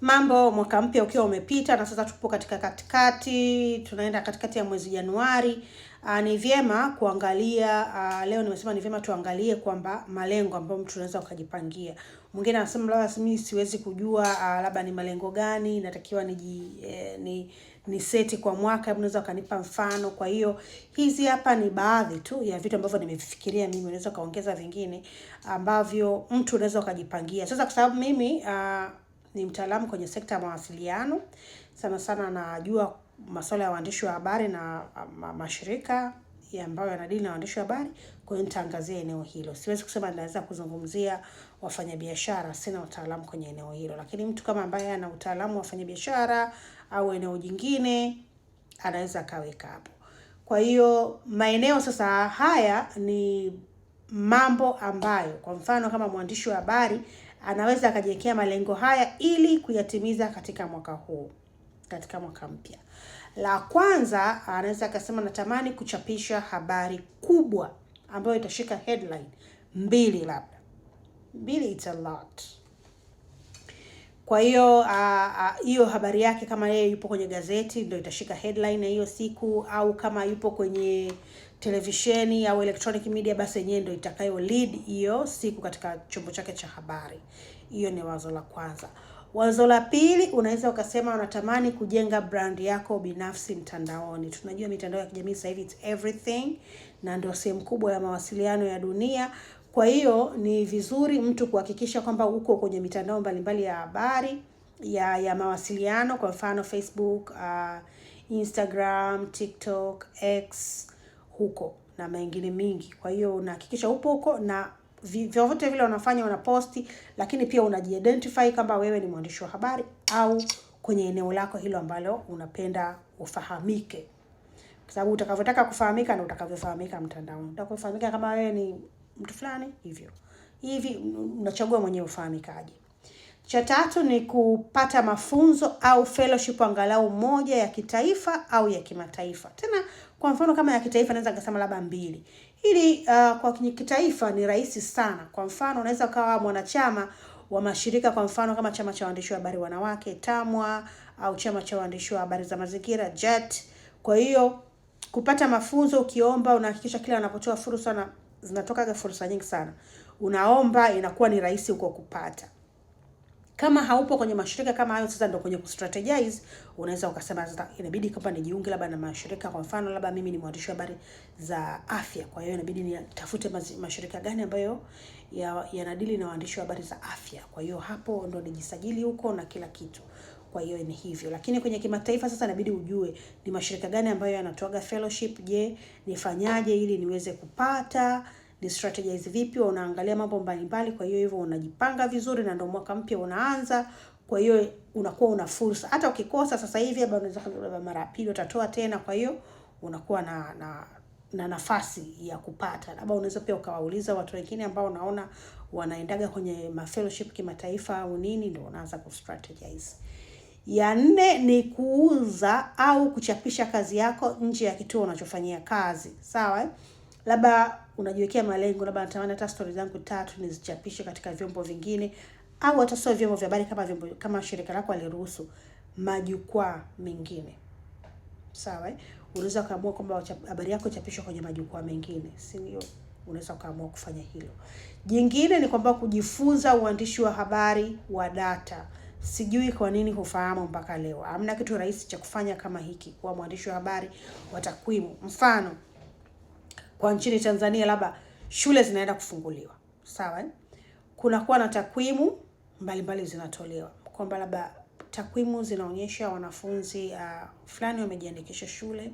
Mambo, mwaka mpya ukiwa umepita na sasa tupo katika katikati, tunaenda katikati ya mwezi Januari. Aa, ah, ni vyema kuangalia aa, ah, leo nimesema ni vyema tuangalie kwamba malengo ambayo mtu anaweza ukajipangia. Mwingine anasema labda mimi siwezi kujua, ah, labda ni malengo gani natakiwa niji, e, ni ni seti kwa mwaka, hebu unaweza ukanipa mfano? Kwa hiyo hizi hapa ni baadhi tu ya vitu ambavyo nimefikiria mimi, unaweza ukaongeza vingine ambavyo mtu unaweza ukajipangia. Sasa kwa sababu mimi aa, ni mtaalamu kwenye sekta ya mawasiliano. Sana sana anajua masuala ya waandishi wa habari na ma, mashirika ya ambayo yanadili na waandishi wa habari. Kwa hiyo nitaangazia eneo hilo. Siwezi kusema naweza kuzungumzia wafanyabiashara, sina utaalamu kwenye eneo hilo, lakini mtu kama ambaye ana utaalamu wa wafanyabiashara au eneo jingine anaweza akaweka hapo. Kwa hiyo maeneo sasa haya ni mambo ambayo, kwa mfano kama mwandishi wa habari anaweza akajiwekea malengo haya ili kuyatimiza katika mwaka huu, katika mwaka mpya. La kwanza anaweza akasema natamani kuchapisha habari kubwa ambayo itashika headline mbili, labda mbili, it's a lot. Kwa hiyo hiyo habari yake kama yeye yupo kwenye gazeti ndio itashika headline hiyo siku, au kama yupo kwenye televisheni au electronic media, basi yenyewe ndio itakayo lead hiyo siku katika chombo chake cha habari. Hiyo ni wazo la kwanza. Wazo la pili, unaweza ukasema unatamani kujenga brand yako binafsi mtandaoni. Tunajua mitandao ya kijamii sasa hivi it's everything, na ndio sehemu kubwa ya mawasiliano ya dunia. Kwa hiyo ni vizuri mtu kuhakikisha kwamba uko kwenye mitandao mbalimbali ya habari ya ya mawasiliano, kwa mfano Facebook, uh, Instagram, TikTok, X huko na mengine mingi. Kwa hiyo unahakikisha upo huko na vyovyote vile unafanya unaposti, lakini pia unajiidentify kama wewe ni mwandishi wa habari au kwenye eneo lako hilo ambalo unapenda ufahamike, kwa sababu utakavyotaka kufahamika na utakavyofahamika mtandaoni. utakufahamika kama wewe ni mtu fulani hivyo hivi, unachagua mwenyewe ufahamikaje. Cha tatu ni kupata mafunzo au fellowship, angalau moja ya kitaifa au ya kimataifa. Tena kwa mfano kama ya kitaifa naweza kusema labda mbili. Ili uh, kwa kitaifa ni rahisi sana. Kwa mfano unaweza ukawa mwanachama wa mashirika kwa mfano kama chama cha waandishi wa habari wanawake TAMWA au chama cha waandishi wa habari za mazingira JET. Kwa hiyo kupata mafunzo ukiomba, unahakikisha kila wanapotoa fursa na zinatokaga fursa nyingi sana, unaomba, inakuwa ni rahisi huko kupata. Kama haupo kwenye mashirika kama hayo, sasa ndio kwenye kustrategize, unaweza ukasema sasa inabidi kama nijiunge labda na mashirika. Kwa mfano, labda mimi ni mwandishi wa habari za afya, kwa hiyo inabidi nitafute mashirika gani ambayo yanadili ya na waandishi wa habari za afya. Kwa hiyo hapo ndo nijisajili huko na kila kitu. Kwa hiyo ni hivyo, lakini kwenye kimataifa sasa inabidi ujue ni mashirika gani ambayo yanatoaga fellowship. Je, nifanyaje ili niweze kupata ni strategies vipi, unaangalia mambo mbalimbali. Kwa hiyo hivyo unajipanga vizuri, na ndio mwaka mpya unaanza. Kwa hiyo unakuwa una fursa, hata ukikosa sasa hivi, labda unaweza labda mara ya pili utatoa tena. Kwa hiyo unakuwa na, na na nafasi ya kupata, labda unaweza pia ukawauliza watu wengine ambao unaona wanaendaga kwenye mafellowship kimataifa au nini, ndio unaanza ku strategize. Ya nne ni kuuza au kuchapisha kazi yako nje ya kituo unachofanyia kazi, sawa eh? labda unajiwekea malengo, labda natamani hata stori zangu tatu nizichapishe katika vyombo vingine, au hata sio vyombo vya habari, kama vyombo kama shirika lako aliruhusu, majukwaa mengine. Sawa, eh? Unaweza ukaamua kwamba habari yako ichapishwe kwenye majukwaa mengine, si ndio? Unaweza ukaamua kufanya hilo. Jingine ni kwamba kujifunza uandishi wa habari wa data. Sijui kwa nini hufahamu mpaka leo. Hamna kitu rahisi cha kufanya kama hiki, kuwa mwandishi wa habari wa takwimu. Mfano, kwa nchini Tanzania labda shule zinaenda kufunguliwa, sawa Kunakuwa na takwimu mbalimbali zinatolewa kwamba labda takwimu zinaonyesha wanafunzi uh, fulani wamejiandikisha shule,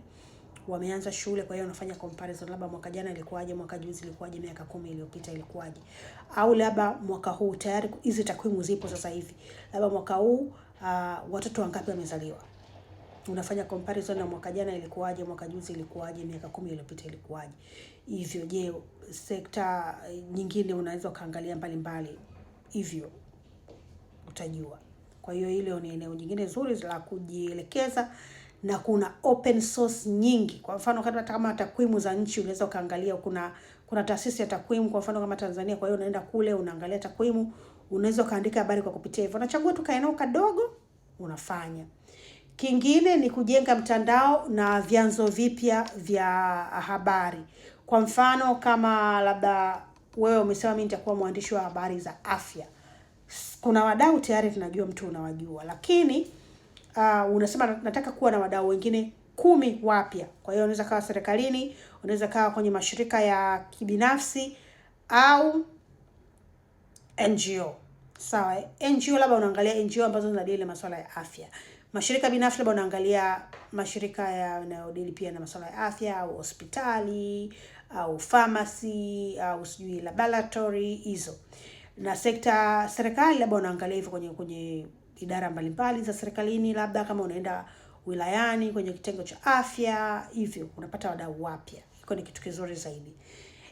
wameanza shule, kwa hiyo wanafanya comparison, labda mwaka jana ilikuwaje, mwaka juzi ilikuwaje, miaka kumi iliyopita ilikuwaje, au labda mwaka huu tayari hizi takwimu zipo sasa hivi, labda mwaka huu uh, watoto wangapi wamezaliwa unafanya comparison na mwaka jana ilikuwaje, mwaka juzi ilikuwaje, miaka kumi iliyopita ilikuwaje. Hivyo je, sekta nyingine unaweza ukaangalia mbalimbali, hivyo utajua. Kwa hiyo hilo ni eneo jingine zuri la kujielekeza, na kuna open source nyingi. Kwa mfano hata kama takwimu za nchi unaweza ukaangalia, kuna kuna taasisi ya takwimu kwa mfano kama Tanzania. Kwa hiyo unaenda kule unaangalia takwimu, unaweza ukaandika habari kwa kupitia hivyo, unachagua tu kaeneo kadogo unafanya Kingine ni kujenga mtandao na vyanzo vipya vya habari. Kwa mfano kama labda wewe umesema mimi nitakuwa mwandishi wa habari za afya, kuna wadau tayari tunajua mtu unawajua, lakini uh, unasema nataka kuwa na wadau wengine kumi wapya. Kwa hiyo unaweza kawa serikalini, unaweza kawa kwenye mashirika ya kibinafsi au NGO. Sawa, NGO labda unaangalia NGO ambazo zinadeal na masuala ya afya mashirika binafsi, labda unaangalia mashirika yanayodili pia na masuala ya afya au hospitali au pharmacy au sijui laboratory hizo, na sekta serikali, labda unaangalia hivyo kwenye kwenye idara mbalimbali za serikalini, labda kama unaenda wilayani kwenye kitengo cha afya, hivyo unapata wadau wapya. Iko ni kitu kizuri zaidi.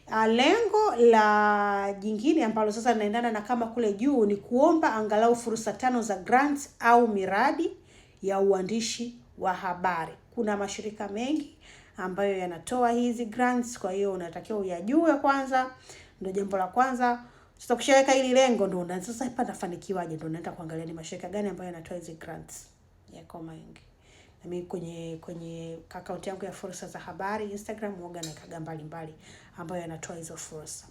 Ah, lengo la jingine ambalo sasa linaendana na kama kule juu ni kuomba angalau fursa tano za grants au miradi ya uandishi wa habari. Kuna mashirika mengi ambayo yanatoa hizi grants, kwa hiyo unatakiwa uyajue kwanza, ndio jambo la kwanza. Sasa kushaweka hili lengo, ndio na sasa hapa nafanikiwaje, ndio naenda kuangalia ni mashirika gani ambayo yanatoa hizi grants, yako mengi. Na mimi kwenye kwenye akaunti yangu ya fursa za habari Instagram, huwa naweka mbalimbali ambayo yanatoa hizo fursa.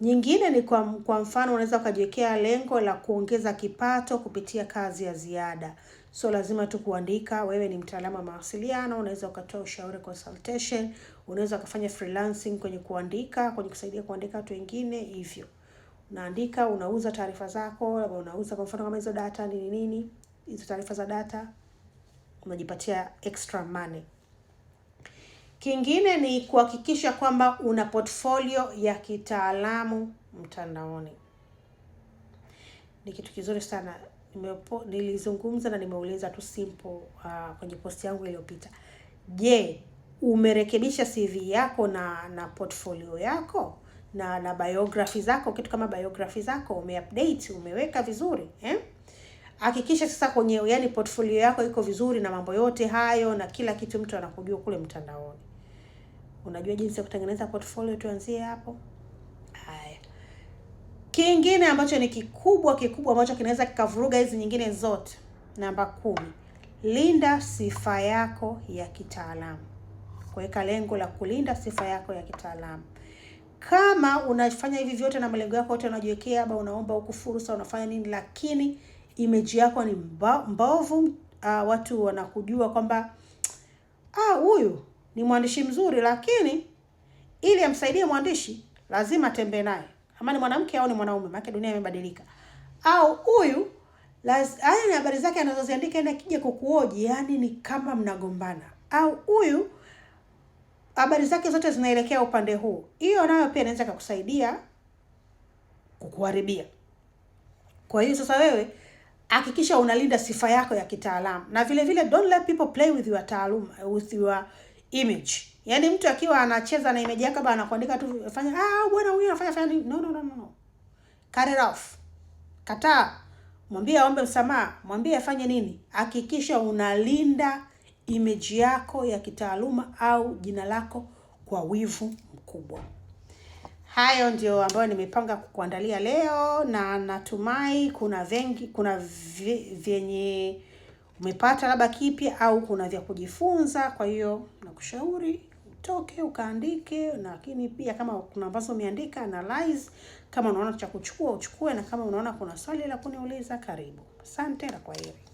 Nyingine ni kwa, kwa mfano unaweza ukajiwekea lengo la kuongeza kipato kupitia kazi ya ziada. So lazima tu kuandika, wewe ni mtaalamu wa mawasiliano, unaweza ukatoa ushauri consultation, unaweza ukafanya freelancing kwenye kuandika, kwenye kusaidia kuandika watu wengine hivyo. Unaandika, unauza taarifa zako, labda unauza kwa mfano kama hizo data ni nini, hizo taarifa za data, unajipatia extra money. Kingine ni kuhakikisha kwamba una portfolio ya kitaalamu mtandaoni. Ni kitu kizuri sana. nilizungumza na nimeuliza tu simple uh, kwenye posti yangu iliyopita. Je, umerekebisha CV yako na na portfolio yako na na biography zako, kitu kama biography zako umeupdate, umeweka vizuri eh? hakikisha sasa kwenye yani portfolio yako iko vizuri na mambo yote hayo na kila kitu, mtu anakujua kule mtandaoni. Unajua jinsi ya kutengeneza portfolio, tuanzie hapo. Haya, kingine ambacho ni kikubwa kikubwa ambacho kinaweza kikavuruga hizi nyingine zote, namba kumi, linda sifa yako ya kitaalamu, kuweka lengo la kulinda sifa yako ya kitaalamu. Kama unafanya hivi vyote na malengo yako yote unajiwekea, au unaomba huku fursa, unafanya nini, lakini image yako ni mbovu, uh, watu wanakujua kwamba ah, huyu ni mwandishi mzuri, lakini ili amsaidie mwandishi lazima tembee naye, ama ni mwanamke au ni mwanaume, maana dunia imebadilika. Au huyu haya ni habari zake anazoziandika, ili akija kukuoji, yani ni kama mnagombana. Au huyu habari zake zote zinaelekea upande huu, hiyo nayo pia inaweza kukusaidia kukuharibia. Kwa hiyo sasa wewe hakikisha unalinda sifa yako ya kitaalamu na vile vile, don't let people play with your taaluma, with your image. Yani mtu akiwa anacheza na image yako, bana anakuandika tu fanya ah, bwana huyu anafanya fanya nini? No, no, no, no, cut it off. Kataa, mwambie aombe msamaha, mwambie afanye nini. Hakikisha unalinda image yako ya kitaaluma au jina lako kwa wivu mkubwa. Hayo ndio ambayo nimepanga kukuandalia leo, na natumai kuna vengi, kuna vyenye umepata labda kipya au kuna vya kujifunza. Kwa hiyo nakushauri utoke ukaandike, lakini pia kama kuna ambazo umeandika analyze, kama unaona cha kuchukua uchukue, na kama unaona kuna swali la kuniuliza karibu. Asante na kwaheri.